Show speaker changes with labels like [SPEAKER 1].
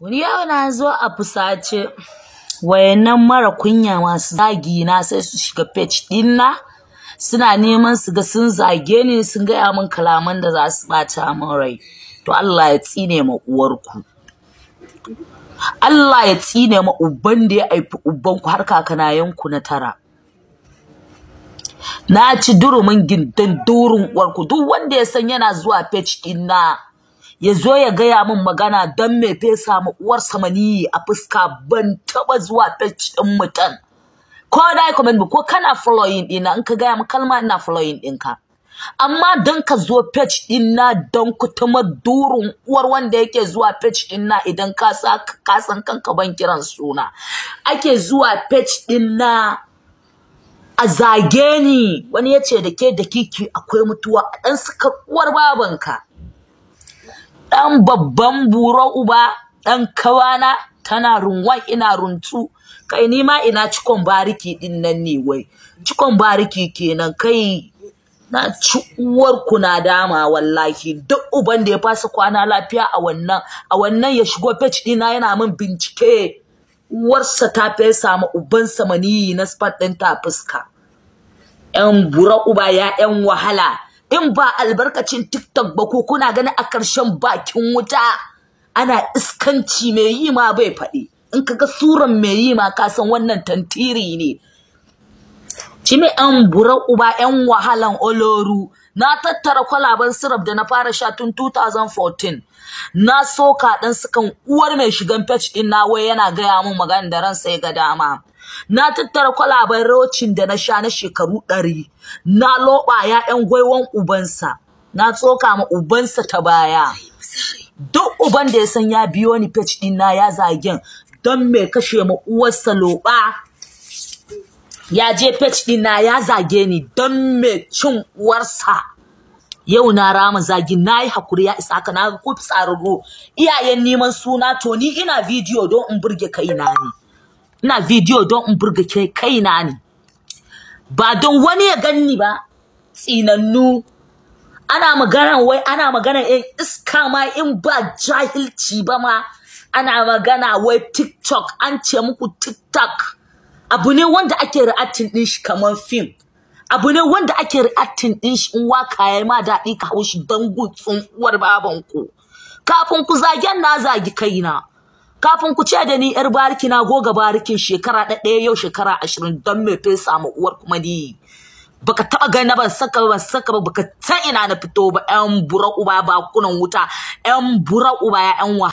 [SPEAKER 1] Wani Yau na zo a fusace, wayannan mara kunya masu zagi na sai su shiga page ɗina suna neman su ga sun zage ni sun gaya min kalaman da za su ɓata min rai. To Allah ya tsine ma uwarku. Allah ya tsine ma uban da ya haifi ubanku har kakanayenku na tara. Na ci durumin gindan durin uwarku duk wanda ya san yana zuwa page ɗina. ya zo ya gaya min magana don me fesa ma uwarsa maniyi a fuska ban taɓa zuwa ta ɗin mutum. Ko da comment ko kana following ɗina in ka gaya min kalma ina following ɗinka. Amma don ka zo page ɗina don ku tuma durin uwar wanda yake zuwa page ɗina idan ka san kanka ban kiran suna. Ake zuwa page na a zage ni wani ya ce da ke da kiki akwai mutuwa a ɗan suka uwar babanka. ɗan babban buro uba ɗan kawana tana runwan ina runtu kai ni ma ina cikon bariki ɗin nan ne wai cikon bariki kenan kai na ci uwarku na dama wallahi duk uban da ya fasa kwana lafiya a wannan a wannan ya shigo page ɗina yana min bincike uwarsa ta fesa ma ubansa maniyi na spot ɗin ta fuska ‘yan bura uba ya ‘yan wahala in ba albarkacin TikTok ba ko kuna gani a ƙarshen bakin wuta ana iskanci mai yi ma bai faɗi in ka ga suran mai yi ma ka san wannan tantiri ne Jimi an bura uba yan wahalan oloru na tattara kwalaban siraf da na fara sha tun 2014 na soka dan sukan uwar mai shigan page din na wai yana gaya mun magana da ransa ya ga dama na tattara kwalaban rocin da na sha na shekaru ɗari na loɓa ya'yan gwaiwan ubansa na tsoka ma ubansa ta baya duk uban da ya san ya biyo ni page din na ya zagen don me kashe ma uwarsa loɓa ya je page na ya zage ni don me cin uwarsa yau na rama zagi na yi hakuri ya isa haka na ku tsararro iyayen neman suna to ni ina bidiyo don in burge kaina ne ina bidiyo don in burge kaina ne ba don wani ya ganni ba tsinannu ana magana wai ana magana in iska ma in ba jahilci ba ma ana magana wai tiktok an ce muku tiktok abu ne wanda ake reacting din shi kamar film abu ne wanda ake reacting din shi in waka yayi ma daɗi ka shi don gutsun uwar baban ku kafin ku zagen na zagi kaina kafin ku ce da ni yar bariki na goga barikin shekara ɗaya yau shekara ashirin don me fesa ma uwar kuma ni baka taba gani ban saka ban saka ba baka san ina na fito ba yan bura uba ba kunan wuta yan bura uba ya yan